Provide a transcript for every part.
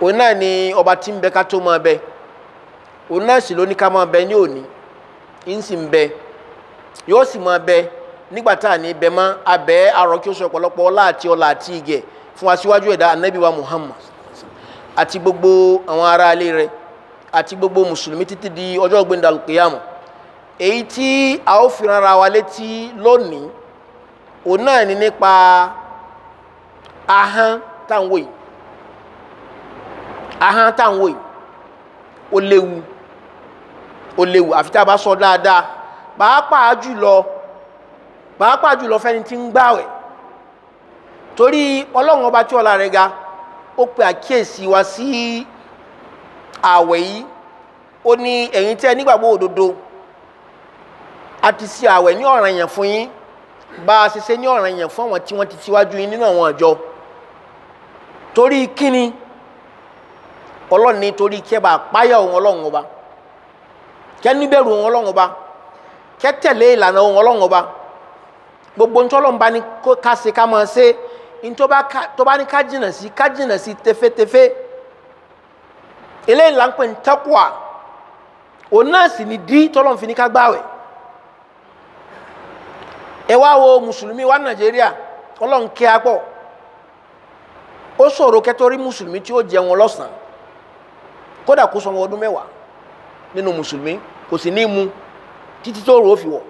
òun náà ni ọba ti ń ka ká tó bẹ òun náà sì ló ní ká bẹ ní òní nsi sì yoo si yóò bẹ nígbà tá à ní bẹ mọ́ abẹ arọ kí ó sọ ọ̀pọ̀lọpọ̀ ọlá àti ọlá àti ìgẹ̀ fún asiwaju ẹ̀dá anabi wa muhammad àti gbogbo àwọn ará ilé rẹ̀ àti gbogbo mùsùlùmí titi di ọjọ́ gbẹ̀ndà lùkìyàmù èyí tí a ó fi rárá wa létí lónìí òun náà ni nípa ahọ́n táwọn wòye ahọ́n tá à ń wò yìí ó léwu ó léwu àfi tá a bá sọ dáadáa pàápàá jùlọ pàápàá jùlọ fẹ́ni tí ń gbààwẹ̀ torí ọlọ́run ọba tí ọlá rẹ̀ ga ó pe àkíyèsí wa sí àwẹ̀ yìí ó ní ẹ̀yin tẹ́ nígbàgbọ́ òdodo a ti ṣe àwẹ̀ ní ọ̀ranyàn fún yín bá a ṣe ṣe ní ọ̀ranyàn fún àwọn tí wọ́n ti síwájú yín nínú àwọn àjọ torí kíni. ọlọ́run nítorí kí ẹ bá páyà òun ọlọ́run ọba kẹ́ níbẹ̀rù òun ọlọ́run ọba gbogbo ntọ́lọ́run bá ní ká se ká máa ṣe tó bá ní ká jìnà sí ká jìnà sí tefetefe eléyìí òun náà fi ní ká ẹ wá wo mùsùlùmí wa nàìjíríà ọlọ́run kí a pọ̀ ó ṣòro mùsùlùmí tí kódà kó sọmọ ọdún mẹ́wàá nínú mùsùlùmí kò ní mu títí tó rò ó fi wọ̀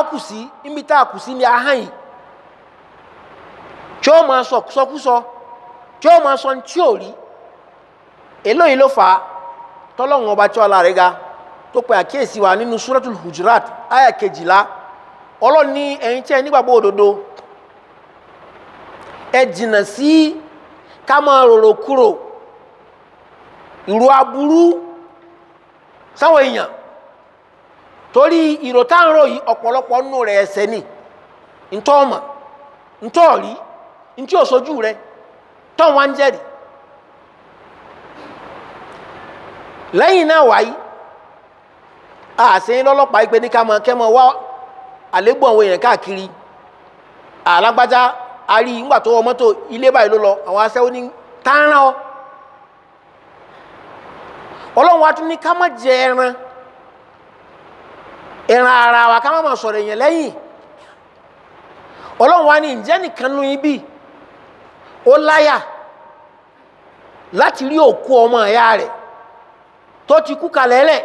akusi nbi akusi ni ahan tí ó máa sọkúsọ tí ó máa sọ ntí ò rí eléyìí ló fà á tọ́lọ́hún ọba tí ga tó pe àkíyèsí wa nínú suratul hujurat kejìlá ọlọ́run ní ẹ̀yin ìrò aburú sáwọn èèyàn torí ìrò táǹrò yìí ọ̀pọ̀lọpọ̀ nù rẹ̀ ẹsẹ̀ ni ntọ́ ọmọ ntọ́ ọ̀rí ntí sojú rẹ tọ́n wá ń lẹ́yìn náà wáyé àṣeyín lọ́lọ́pàá ìpè ní kámọ wá àlébù àwọn èèyàn lọ àwọn aṣẹ́wó ní ọlọ́run wa tún ní ká mọ̀ jẹ ẹran ẹran ara wa ká má má sọ̀rọ̀ èèyàn lẹ́yìn ọlọ́run wa ní ǹjẹ́ nìkan nu ibi ó láyà láti rí òkú ọmọ ìyá rẹ̀ tó ti kú kalẹ̀ lẹ̀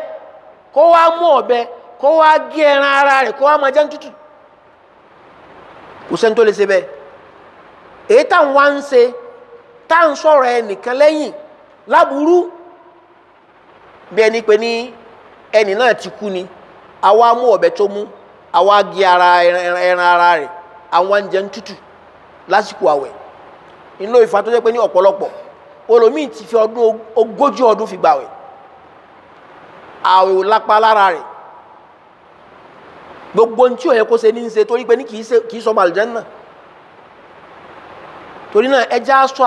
kó wá mú ọ̀bẹ kó wá gé ẹran ara rẹ̀ kó wá máa jẹun tútù kò sẹ́ni tó lè ṣe bẹ́ẹ̀ èyí táwọn wá ń ṣe táwọn sọ̀rọ̀ lẹ́yìn láburú. bí ẹni pé ní ẹni náà ti kú ni àwa mú ọ̀bẹ tó mú àwa gé ara ẹran ara rẹ̀ àwọn oúnjẹ ń lasiku lásìkò àwẹ̀ inú ìfà tó jẹ́ pé ní ọ̀pọ̀lọpọ̀ olómìn ti fi ọdún ogójì ọdún fi lápá lára gbogbo tí ò yẹ kó ṣe ní í ṣe torí pé ní kì í sọ màlìjẹ́n náà sọ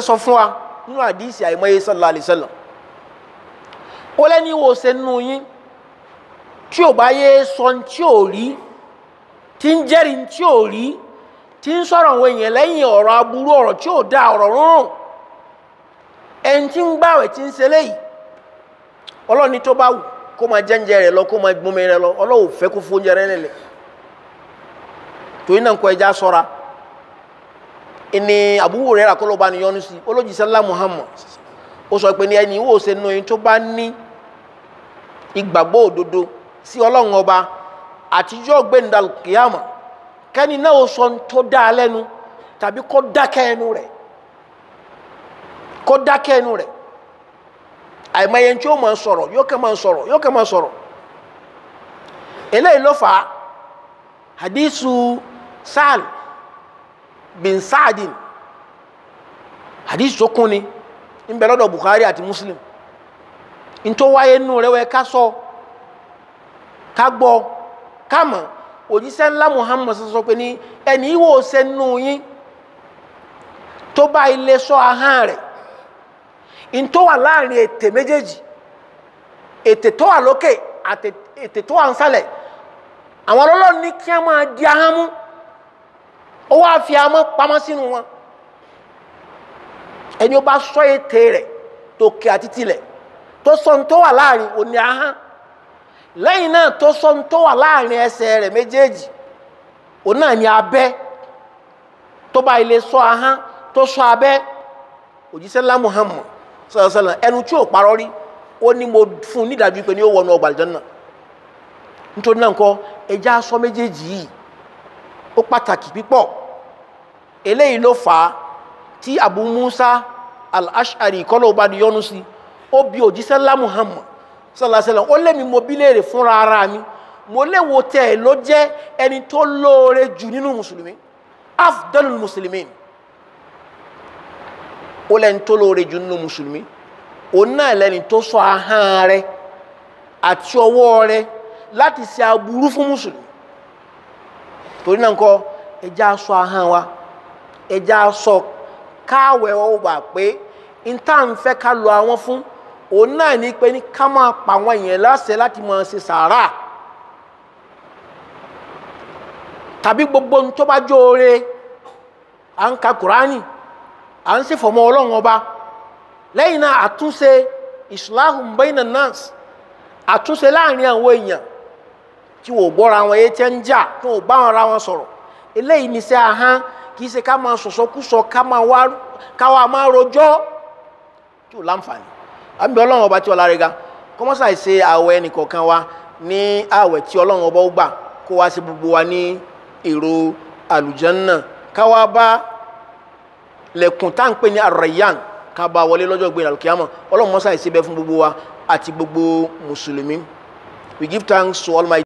sọ fún nínú àdìsí àìmọye sallallahu alaihi wasallam ó lẹ́ni wo ṣe nínú yín tí ò bá yé sọ tí ò rí tí ń jẹ́rìí tí ò rí tí ń sọ̀rọ̀ àwọn èèyàn lẹ́yìn aburú tí ò da ọ̀rọ̀ rúnrún ẹni tí ń gbàwẹ̀ tí ń ṣe léyìí ọlọ́ni tó bá wù kó máa jẹ́ǹjẹ́ rẹ̀ lọ kó máa lọ ọlọ́wọ́ fẹ́ kó fóúnjẹ torí náà kọ ẹni Abu Hurairah kọ́lọ́ba ni yọ́nu sí olójìṣẹ́lá Muhammad ó sọ pé ní ẹni ìwò ṣe nu ẹni tó bá ní ìgbàgbọ́ òdodo sí ọlọ́run ọba àtijọ́ gbẹ̀ndàlù kìámà kẹ́ni náà ó sọ tó dá a lẹ́nu tàbí kó dákẹ́ ẹnu rẹ̀ kó dákẹ́ ẹnu rẹ̀ àìmọye tí ó máa sọ̀rọ̀ yóò kẹ́ máa sọ̀rọ̀ yóò kẹ́ máa sọ̀rọ̀ eléyìí ló fà á hadisu sáàlù. bin saadin hadith tó ni ń bẹ lọ́dọ̀ Buhari àti Muslim ntọ́ wáyé nù rẹ̀ ka ká sọ ká gbọ́ ká mọ̀ òjíṣẹ́ Muhammad sọ pé ní ẹni ose sẹ́nu yín tó bá ilé sọ ahọ́n rẹ̀ ntọ́ wà láàrin ètè méjèèjì ètè tó wà àwọn ní kí a máa di ahamu. ó wá fi amọ́ pamọ́ sínú wọn ẹni ó bá sọ ète rẹ̀ tòkè àti tilẹ̀ tó sọ ní tó wà láàrin òní ahán lẹ́yìn náà tó sọ ní tó wà láàrin ẹsẹ̀ rẹ méjèèjì òun náà ni abẹ́ tó bá ilé sọ ahán tó sọ abẹ́ òjíṣẹ́ ńlá sọ̀rọ̀sọ̀rọ̀ ẹnu tí ò parọ́ rí fún un pé ó wọnú ọgbà náà nítorí náà nǹkan ẹja sọ méjèèjì yìí ó pàtàkì pípọ̀ eléyìí ló fà á tí abu musa al-ash'ari kọ́lọ́ọ̀bá ni yọ́nu sí ó bi òjíṣẹ́ ńlá muhammad sallallahu alaihi wasallam ó lémi mo bí léèrè fúnra ara mi mo léwo tẹ̀ ló jẹ́ ẹni tó lóore jù nínú mùsùlùmí afdalul muslimin ó lẹ́ni tó lóore jù nínú mùsùlùmí òun náà lẹ́ni tó sọ ahọ́n rẹ̀ àti ọwọ́ rẹ̀ láti ṣe aburú fún mùsùlùmí torí náà ń kọ́ ẹja sọ ahọ́n wa. ẹja sọ káàwẹ̀ ọ wà pé níta ń fẹ́ ká lo àwọn fún òun náà ní pé ní ká máa pa àwọn èèyàn láṣẹ láti máa ṣe sàárà tàbí gbogbo ohun tó bá jó ore à ń ka kùránì à ń ṣèfọ̀mọ ọlọ́run ọba lẹ́yìn náà àtúnṣe islahum bayna nas àtúnṣe láàrin àwọn èèyàn tí wò bọ́ra wọn yé tẹ́ ń jà bá wọn ra kì í ṣe ká máa sọ̀sọ́kúsọ ká máa wá ká wá máa rojọ́ tí ò láǹfààní àbí ọlọ́run ọba tí ọlá rẹ̀ ga kọ́mọ́sà ṣe àwẹ̀ ẹnìkọ̀ọ̀kan wa ní àwẹ̀ tí ọlọ́run ọba ó gbà kó wá sí gbogbo wa ní èrò àlùjànnà ká wá bá lẹ̀kùn tá à ń pè ní ar ká bá wọlé lọ́jọ́ gbé alùkìyàmọ̀ ọlọ́run mọ́sà ṣe bẹ́ẹ̀ fún gbogbo wa àti gbogbo mùsùlùmí we give thanks to Almighty.